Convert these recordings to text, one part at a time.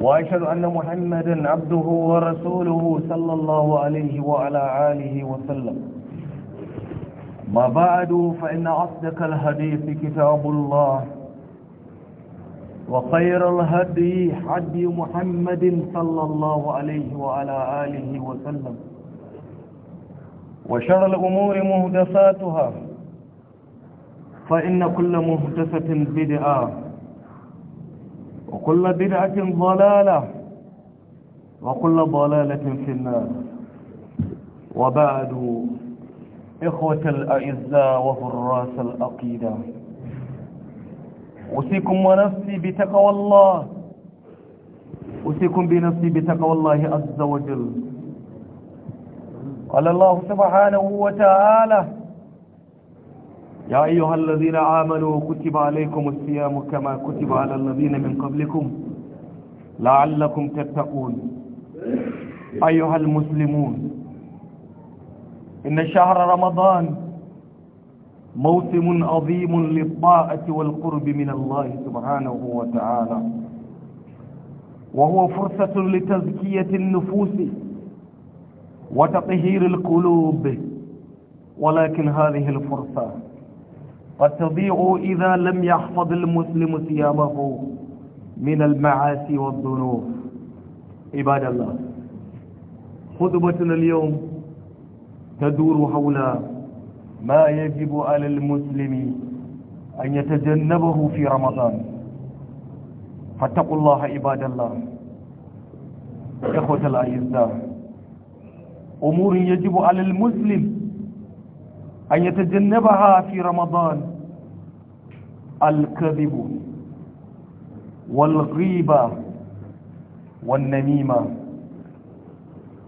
وأشهد أن محمدا عبده ورسوله صلى الله عليه وعلى آله وسلم ما بعد فإن أصدق الحديث كتاب الله وخير الهدي حدي محمد صلى الله عليه وعلى آله وسلم وشر الأمور مهدساتها فإن كل مهدسة بدعة وكل بدعة ضلالة وكل ضلالة في النار وبعد إخوة الأعزاء وفراس الأقيدة أوصيكم ونفسي بتقوى الله أوصيكم بنفسي بتقوى الله عز وجل قال الله سبحانه وتعالى يا أيها الذين آمنوا كتب عليكم الصيام كما كتب على الذين من قبلكم لعلكم تتقون أيها المسلمون إن شهر رمضان موسم عظيم للطاعة والقرب من الله سبحانه وتعالى وهو فرصة لتزكية النفوس وتطهير القلوب ولكن هذه الفرصة قد تضيع إذا لم يحفظ المسلم ثيابه من المعاصي والذنوب عباد الله خطبتنا اليوم تدور حول ما يجب على المسلم أن يتجنبه في رمضان فاتقوا الله عباد الله إخوة الأعزاء أمور يجب على المسلم أن يتجنبها في رمضان الكذب والغيبة والنميمة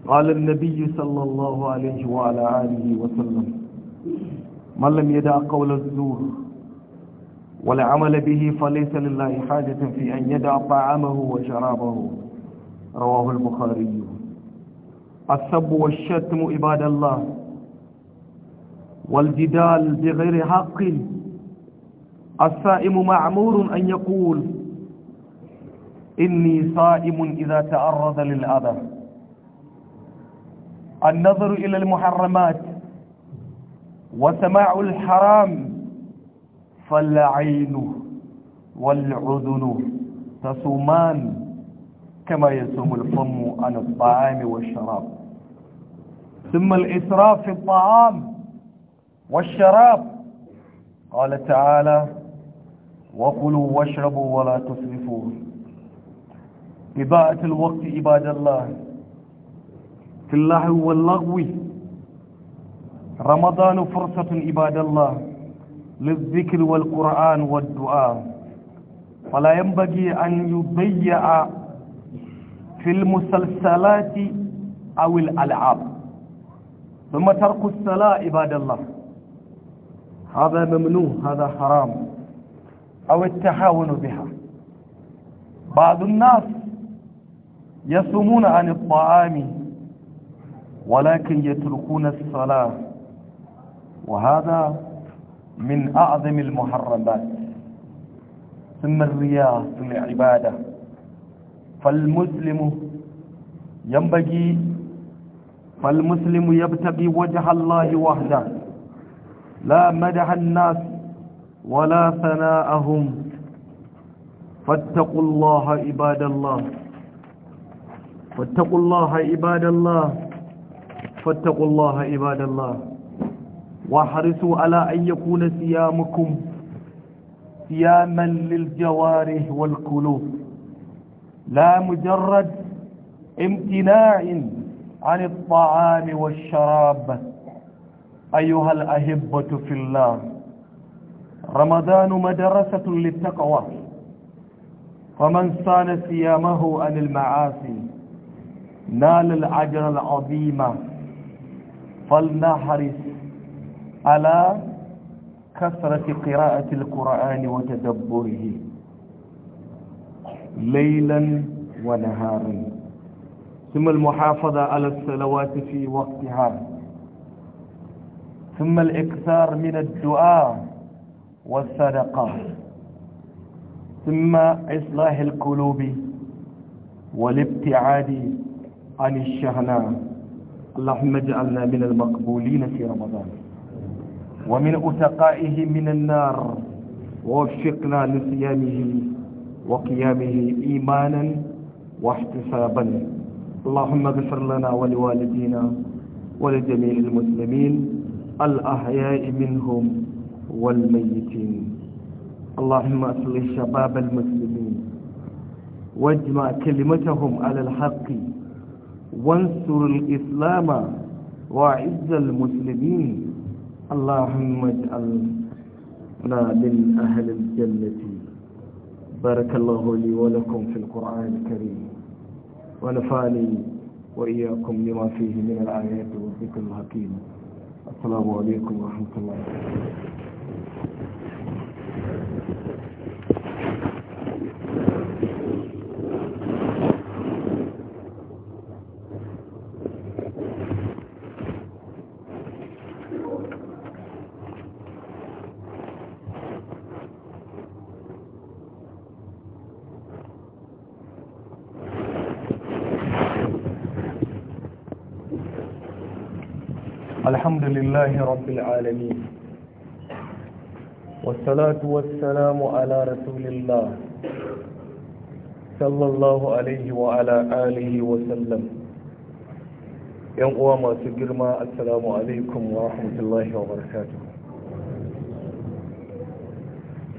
قال النبي صلى الله عليه وعلى آله وسلم من لم يدع قول الزور والعمل به فليس لله حاجة في أن يدع طعامه وشرابه رواه البخاري السب والشتم عباد الله والجدال بغير حق الصائم معمور أن يقول إني صائم إذا تعرض للأذى النظر إلى المحرمات وسماع الحرام فالعين والعذن تصومان كما يصوم الفم عن الطعام والشراب ثم الإسراف في الطعام والشراب قال تعالى وكلوا واشربوا ولا تسرفوا إباءة الوقت عباد الله في اللهو واللغو رمضان فرصة عباد الله للذكر والقرآن والدعاء فلا ينبغي أن يضيع في المسلسلات أو الألعاب ثم ترك الصلاة عباد الله هذا ممنوع هذا حرام أو التهاون بها بعض الناس يصومون عن الطعام ولكن يتركون الصلاة وهذا من أعظم المحرمات ثم الرياء في العبادة فالمسلم ينبغي فالمسلم يبتغي وجه الله وحده لا مدح الناس ولا ثناءهم فاتقوا الله عباد الله فاتقوا الله عباد الله فاتقوا الله عباد الله واحرصوا على أن يكون صيامكم صياما للجوارح والقلوب لا مجرد امتناع عن الطعام والشراب أيها الأهبة في الله رمضان مدرسة للتقوى فمن صان صيامه عن المعاصي نال الأجر العظيم فلنحرص على كثرة قراءة القرآن وتدبره ليلا ونهارا ثم المحافظة على الصلوات في وقتها ثم الإكثار من الدعاء والصدقات ثم إصلاح القلوب والابتعاد عن الشهناء اللهم اجعلنا من المقبولين في رمضان ومن أتقائه من النار ووفقنا لصيامه وقيامه إيمانا واحتسابا اللهم اغفر لنا ولوالدينا ولجميع المسلمين الأحياء منهم والميتين اللهم أصلح شباب المسلمين واجمع كلمتهم على الحق وانصر الإسلام وأعز المسلمين اللهم اجعلنا من أهل الجنة بارك الله لي ولكم في القرآن الكريم ونفعني وإياكم لما فيه من الآيات والذكر الحكيم السلام عليكم ورحمة الله الحمد لله رب العالمين والصلاة والسلام على رسول الله صلى الله عليه وعلى آله وسلم ينقوى ما سجرما السلام عليكم ورحمة الله وبركاته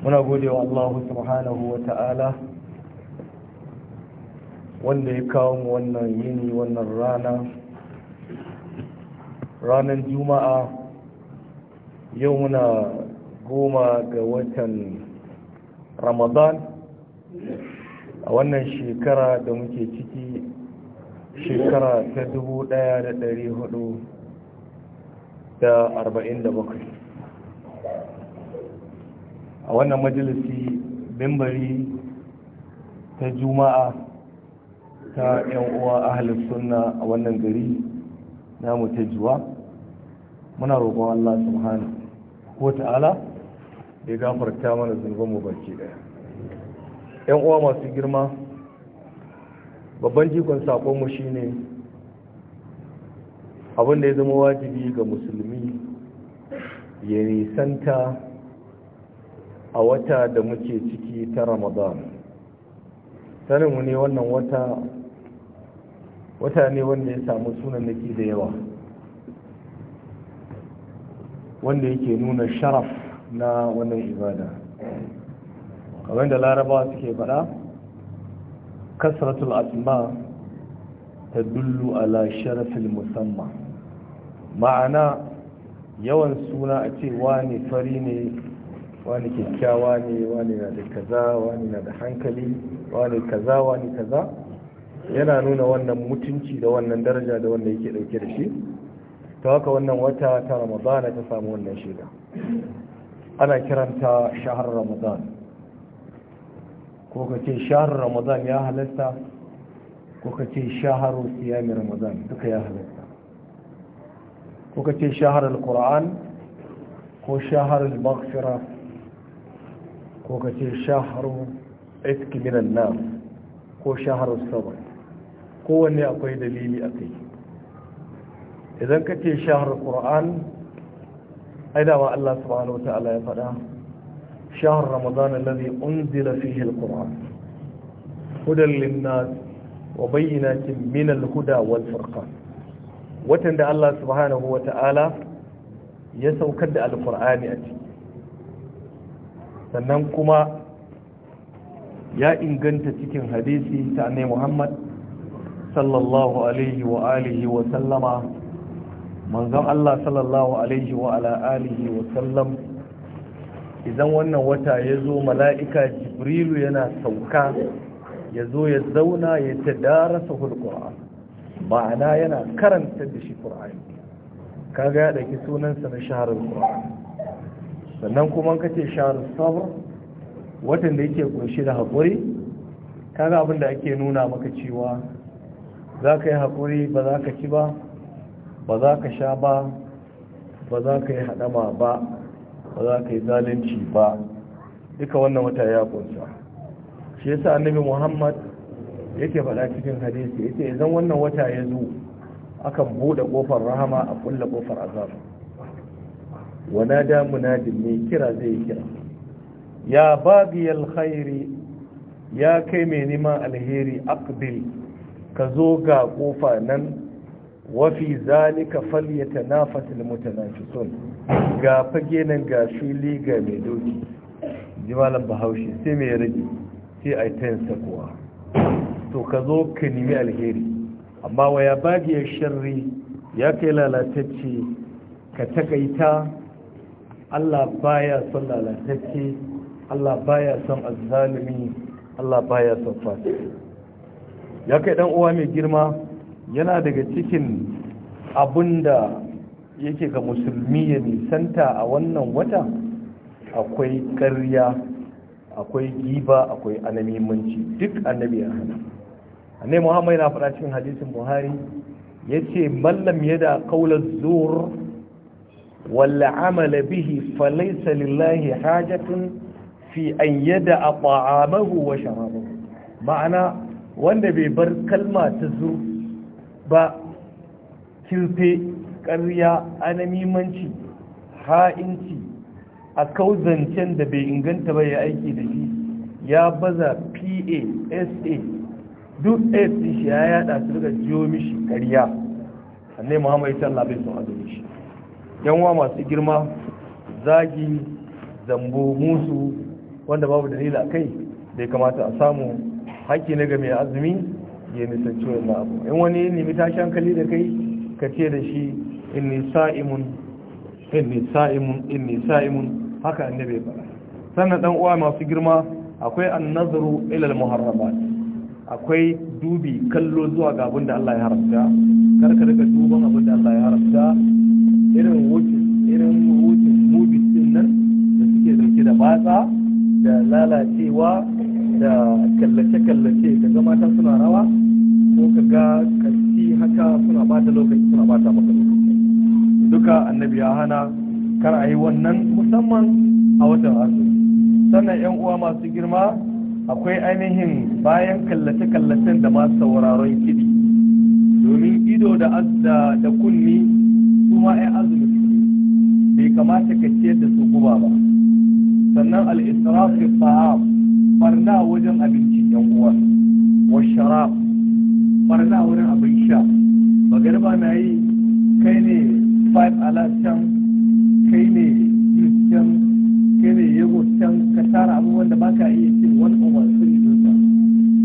muna gode wa Allah subhanahu wa ta'ala wanda ya kawo mu wannan yini wannan rana ranar juma'a yau muna goma ga watan ramadan a wannan shekara da muke ciki shekara ta dubu ɗaya da hudu da arba'in da bakwai. a wannan majalisi bimbari ta juma'a ta 'yan uwa ahalin suna a wannan gari namu ta juwa muna roƙon Allah subhanahu wa ta'ala ya gafarta mana zunuban mu baki daya yan uwa masu girma babban jikon sakon mu shine abin da ya zama wajibi ga musulmi ya nisanta a wata da muke ciki ta ramadan saninmu ne wannan wata wata ne wanda ya samu sunan nake da yawa wanda yake nuna sharaf na wannan ibada kamar da larabawa suke faɗa kasratul asma ta dullu ala sharafil musamman ma'ana yawan suna a ce wani fari ne wani kyakkyawa ne wani na da kaza wani na da hankali wani kaza wani kaza yana nuna wannan mutunci da wannan daraja da wanda yake dauke da shi ta haka wannan wata ta ramadana ta samu wannan shida ana kiranta shahar ramadan ko ka ce shahar ramadan ya halatta ko ka ce shaharu siyami ramadan duka ya halatta ko ka ce shahar al-qur'an ko shahar al-maghfira ko ka ce shaharu itki minan nan, ko shahar sabon kowanne akwai dalili a kai idan ka ce shahar ƙura'an aidawa Allah subhanahu wa ta'ala ya faɗa shahar ramadan alladhi unzila fihi alquran hudan linnas wa bayyinatin min alhuda wal furqan watan da Allah subhanahu wa ta'ala ya saukar da alqur'ani a ciki sannan kuma ya inganta cikin hadisi ta annabi Muhammad sallallahu alaihi wa alihi wa sallama manzon Allah sallallahu alaihi wa ala alihi wa sallam idan wannan wata ya zo mala'ika jibrilu yana sauka ya zo ya zauna ya ta darasa hulƙura ma'ana yana karanta da shi ƙura'ani kaga ya ɗaki sunansa na shaharar ƙura'ani sannan kuma ka ce shaharar sabar watan da yake ƙunshi da haƙuri kaga abin da ake nuna maka cewa za ka yi haƙuri ba za ka ci ba ba za ka sha ba ba za ka yi haɗama ba ba za ka yi zalunci ba duka wannan wata ya kunsa shi yasa annabi muhammad yake faɗa cikin hadisi yace idan wannan wata ya zo akan bude kofar rahama a kulle kofar azab wana da munadin mai kira zai kira ya babu alkhairi ya kai mai neman alheri Akbil. ka zo ga kofa nan wafi zalika falyata nafasil mutanafisun ga fage nan ga fili ga mai doki jimalan bahaushe sai mai rage sai a tayin kuwa. to ka zo ka nemi alheri amma waya ya sharri ya kai lalatacce ka takaita allah baya son lalatacce allah baya son azzalumi allah baya son fasiki ya kai dan uwa mai girma yana daga cikin abun da yake ga musulmi ya nisanta a wannan wata akwai ƙarya akwai giba akwai anamimanci duk annabi ya hana annai muhammad yana faɗa cikin hadisin buhari ya ce mallam ya da kaular zuwar wala amala bihi falaisa lillahi hajjatun fi an yada a ba'amahu wa sharabahu ma'ana wanda bai bar kalma ta zuwa ba kirfe karya anamimanci ha'inci a kauzancen da bai inganta ba ya aiki da shi ya baza pa sa duk s shi ya yada su daga jiyo mishi karya annai muhammadu sallah bai sun azumi shi yan masu girma zagi zambo musu wanda babu dalila kai bai kamata a samu haƙƙi na game mai azumi ya nisanci wannan abu in wani ya nemi tashi hankali da kai ka ce da shi inni sa'imun inni sa'imun inni sa'imun haka annabi ya faɗa sannan dan uwa masu girma akwai an-nazaru ila al akwai dubi kallo zuwa ga abin da Allah ya haramta kar ka duban abin da Allah ya haramta irin wucin irin wucin mubi din nan da suke dauke da batsa da lalacewa da kallace-kallace da ga mata suna rawa ko ka ga karfi haka suna ba da lokaci suna da maka lokaci duka annabi ya hana kar a yi wannan musamman a watan azumi sannan yan uwa masu girma akwai ainihin bayan kallace-kallacen da masu sauraron kiɗi domin ido da da kunni kuma 'yan azumi bai kamata ka ciyar da su guba ba sannan al-israfi ta'am barna wajen abinci yan uwa wa sharab barna wurin abin sha magarba na yi kai ne five alert can kai ne juice can kai ne yago can ka tara abubuwan da baka iya cin wani over three dinsa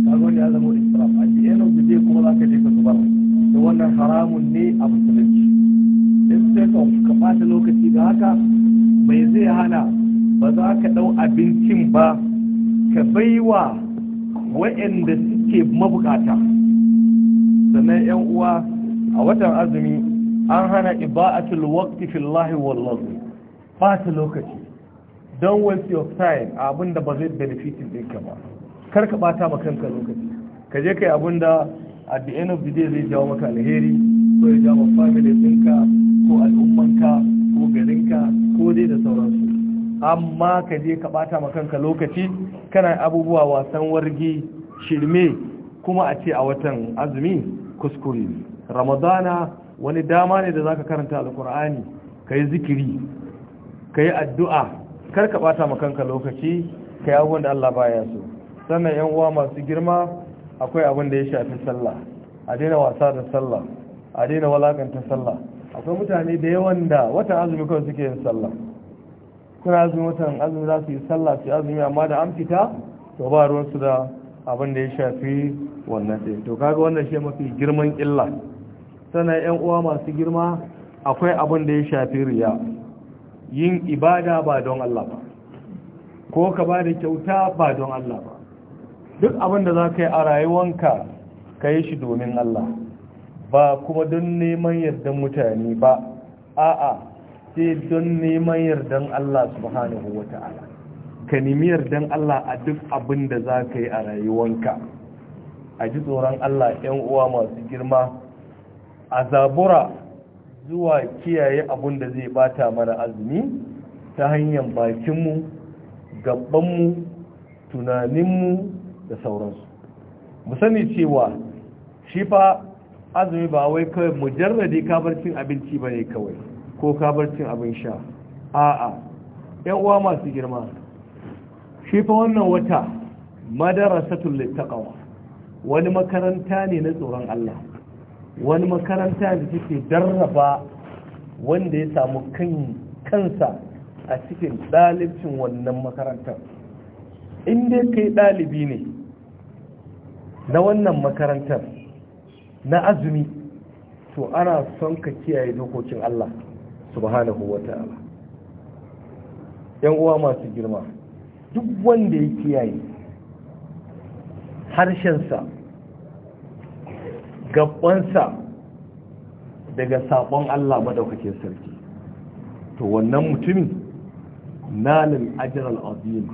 ka wani ya zama israf a the end of the day kuma za ka je ka zubar da wannan haramun ne a musulunci instead of ka bata lokaci da haka mai zai hana ba za ka dau abincin ba ka baiwa waɗanda suke mabukata sannan yan uwa a watan azumi an hana iba'atul waqti fillahi wallahi ba ta lokaci don waste of time abin ba zai benefitin ɗinka ba kar ka bata ma kanka lokaci ka je kai abinda at the end of the day zai jawo maka alheri ko ya jawo family ɗinka ko al'ummanka ko garinka ko dai da sauransu amma ka je ka bata ma kanka lokaci kana abubuwa wasan wargi shirme kuma a ce a watan azumi kuskure ne ramadana wani dama ne da zaka karanta alkur'ani kai zikiri kai addu'a kar ka bata ma kanka lokaci kai abin da Allah baya so sannan yan uwa masu girma akwai abin da ya shafi sallah a daina wasa da sallah a daina walakanta sallah akwai mutane da yawan da watan azumi kawai suke yin sallah kuna azumi watan azumi za su yi sallah su azumi amma da an fita to ba ruwansu da abin da ya shafi wannan ɗin to kaga wannan shi mafi girman illa sannan yan uwa masu girma akwai abin da ya shafi riya yin ibada ba don Allah ba ko ka ba da kyauta ba don Allah ba duk abin da za ka yi a rayuwanka ka yi shi domin Allah ba kuma don neman yardan mutane ba a'a sai don neman yardan Allah subhanahu wa ta'ala ka nemi yardan Allah a duk abin da za ka yi a rayuwanka a ji tsoron Allah ‘yan uwa masu girma a zabura zuwa kiyaye abun da zai bata mana azumi ta hanyar bakinmu gabanmu tunaninmu da sauransu mu sani cewa shi fa azumi ba wai kawai mujarradi kabarcin abinci ba ne kawai ko kabarcin abin sha a'a ‘yan uwa masu girma shi fa wannan wata madara satun littakawa wani makaranta ne na tsoron Allah wani makaranta da take darraba wanda ya samu kansa a cikin ɗalibcin wannan makarantar inda kai ɗalibi ne na wannan makarantar na azumi to ana son ka kiyaye dokokin Allah subhanahu wa ta'ala yan uwa masu girma duk wanda ya kiyaye harshensa gabbansa daga sabon Allah madaukakin sarki to wannan mutumin nalil ajral azim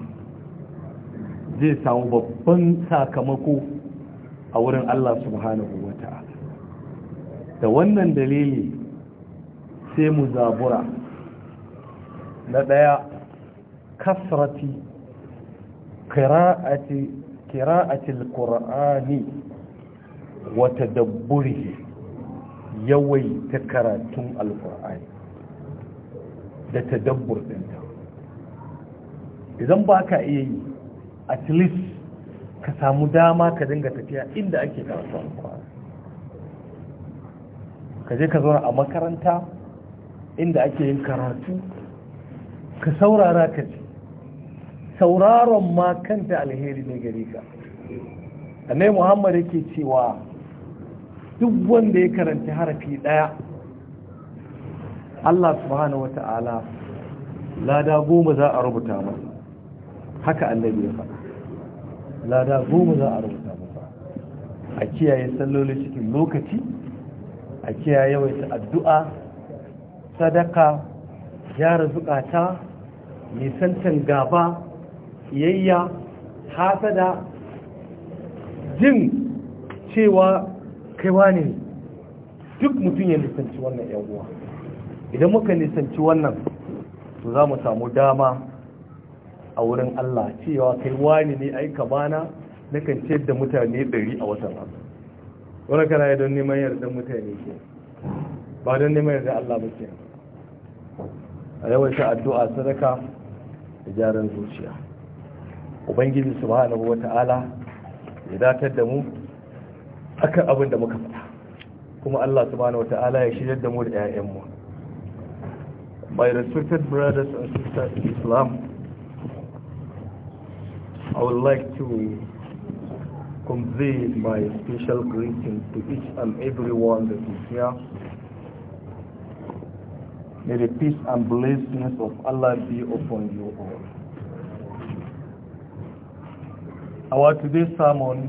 zai samu babban sakamako a wurin Allah subhanahu wata'ala da wannan dalili sai mu zabura na daya kasrati qira'ati qira'atil qur'ani wa dabburi yawai ta karatun alqur'ani da tadabbur ɗinta idan ba ka iya yi at least ka samu dama ka dinga tafiya inda ake karatu alqur'ani ka je ka zauna a makaranta inda ake yin karatu ka saurara ka ji sauraron ma kanta alheri ne gare ka annai muhammad yake cewa duk wanda ya karanta harafi daya Allah subhanahu wa ta'ala lada goma za a rubuta masa haka annabi ya faɗa lada goma za a rubuta masa a kiyaye salloli cikin lokaci a kiyaye yawaita addu'a sadaka gyara zukata nisantan gaba kiyayya hasada jin cewa kaiwa ne duk mutum ya nisanci wannan uwa idan muka nisanci wannan to za mu samu dama a wurin Allah cewa kaiwa ne ne aika bana na kan ce da mutane ɗari a watan abu wani kana yi don neman yardar mutane ke ba don neman yardar Allah ba ke a yawaita addu'a sadaka da gyaran zuciya ubangiji subhanahu wata'ala ya datar da mu akan abin da muka fada kuma Allah subhanahu wata'ala ya da mu da ƴaƴan mu my respected brothers and sisters in Islam I would like to convey my special greeting to each and every one that is here. May the peace and blessings of Allah be upon you all. Our today's sermon,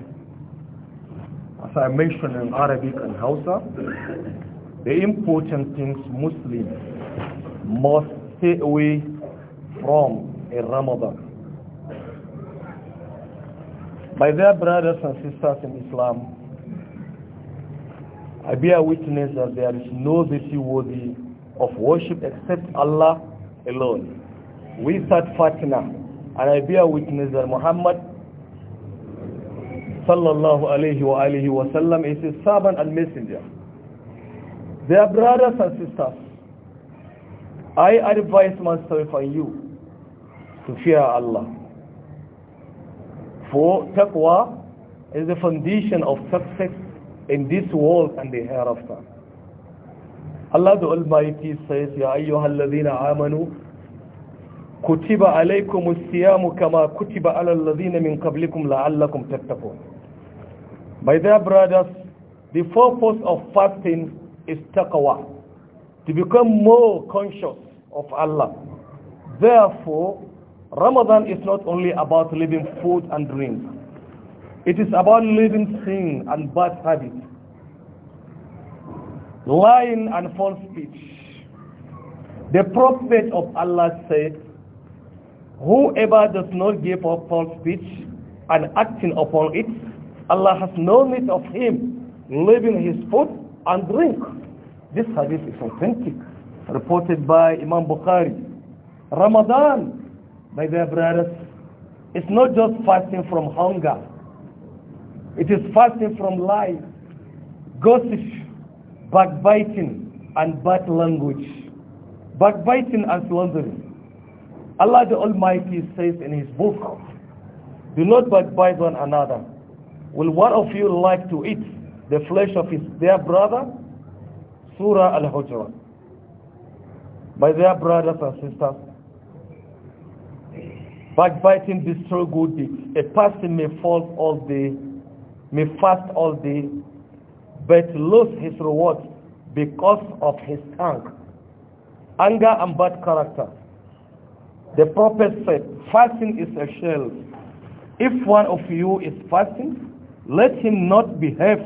as I mentioned in Arabic and Hausa, the important things Muslims must stay away from in Ramadan. By their brothers and sisters in Islam, I bear witness that there is no deity worthy of worship except Allah alone. We start fatna, and I bear witness that Muhammad sallallahu alayhi wa alihi wa sallam is his servant and messenger. Their brothers and sisters, I advise myself and you to fear Allah. For taqwa is the foundation of success in this world and the hereafter. Allah the Almighty says, Ya ayyuhal ladhina amanu, kutiba alaykumus siyamu kama kutiba ala alladhina min qablikum la'allakum tattaqun. By their brothers, the purpose of fasting is taqwa, to become more conscious of Allah. Therefore, Ramadan is not only about leaving food and drink. It is about leaving sin and bad habits, lying and false speech. The Prophet of Allah said, Whoever does not give up false speech and acting upon it, Allah has no need of him leaving his food and drink. This hadith is authentic, reported by Imam Bukhari. Ramadan, my dear brothers, is not just fasting from hunger. It is fasting from lies, gossip, backbiting, and bad language. Backbiting and slandering. Allah the Almighty says in his book, do not backbite one another Will one of you like to eat the flesh of his their brother? Surah al hujurat By their brothers and sisters, backbiting destroy good deeds. A person may fall all day, may fast all day, but lose his reward because of his tongue. Anger and bad character. The prophet said, fasting is a shell. If one of you is fasting, let him not behave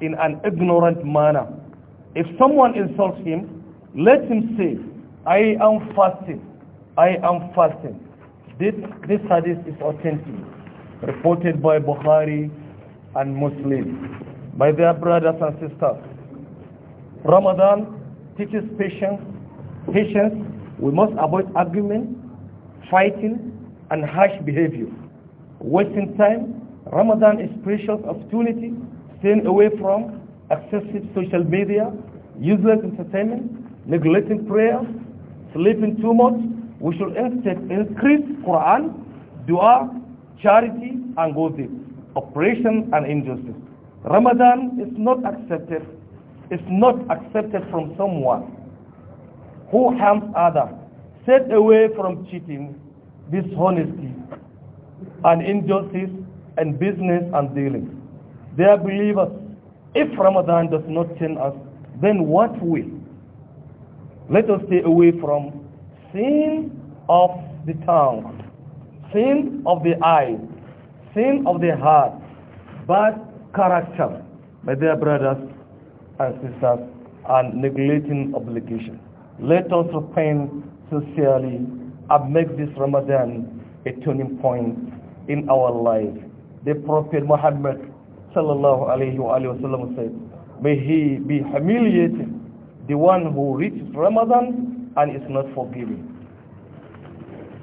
in an ignorant manner. If someone insults him, let him say, I am fasting. I am fasting. This, this hadith is authentic, reported by Bukhari and Muslim. by their brothers and sisters, Ramadan teaches patience. Patience, we must avoid argument, fighting, and harsh behavior, wasting time, Ramadan is precious opportunity, staying away from excessive social media, useless entertainment, neglecting prayer, sleeping too much. We should instead increase Quran, dua, charity, and good deeds, oppression and injustice. Ramadan is not accepted. It's not accepted from someone who harms others. Set away from cheating, dishonesty, and injustice and business and dealings. They are believers. If Ramadan does not change us, then what will? Let us stay away from sin of the tongue, sin of the eye, sin of the heart, bad character, my dear brothers and sisters, and neglecting obligation. Let us repent sincerely and make this Ramadan a turning point in our life the Prophet Muhammad sallallahu wa said, may he be humiliated, the one who reaches Ramadan and is not forgiven.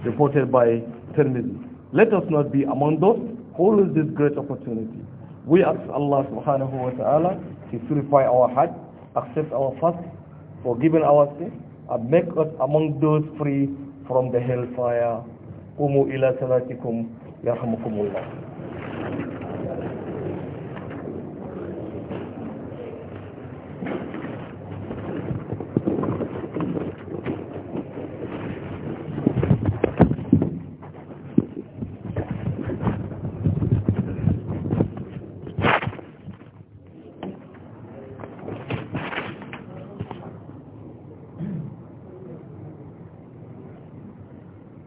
Reported by Tirmidhi. Let us not be among those who lose this great opportunity. We ask Allah subhanahu wa ta'ala to purify our heart, accept our fast, forgive our sin, and make us among those free from the hellfire. قوموا إلى صلاتكم يرحمكم الله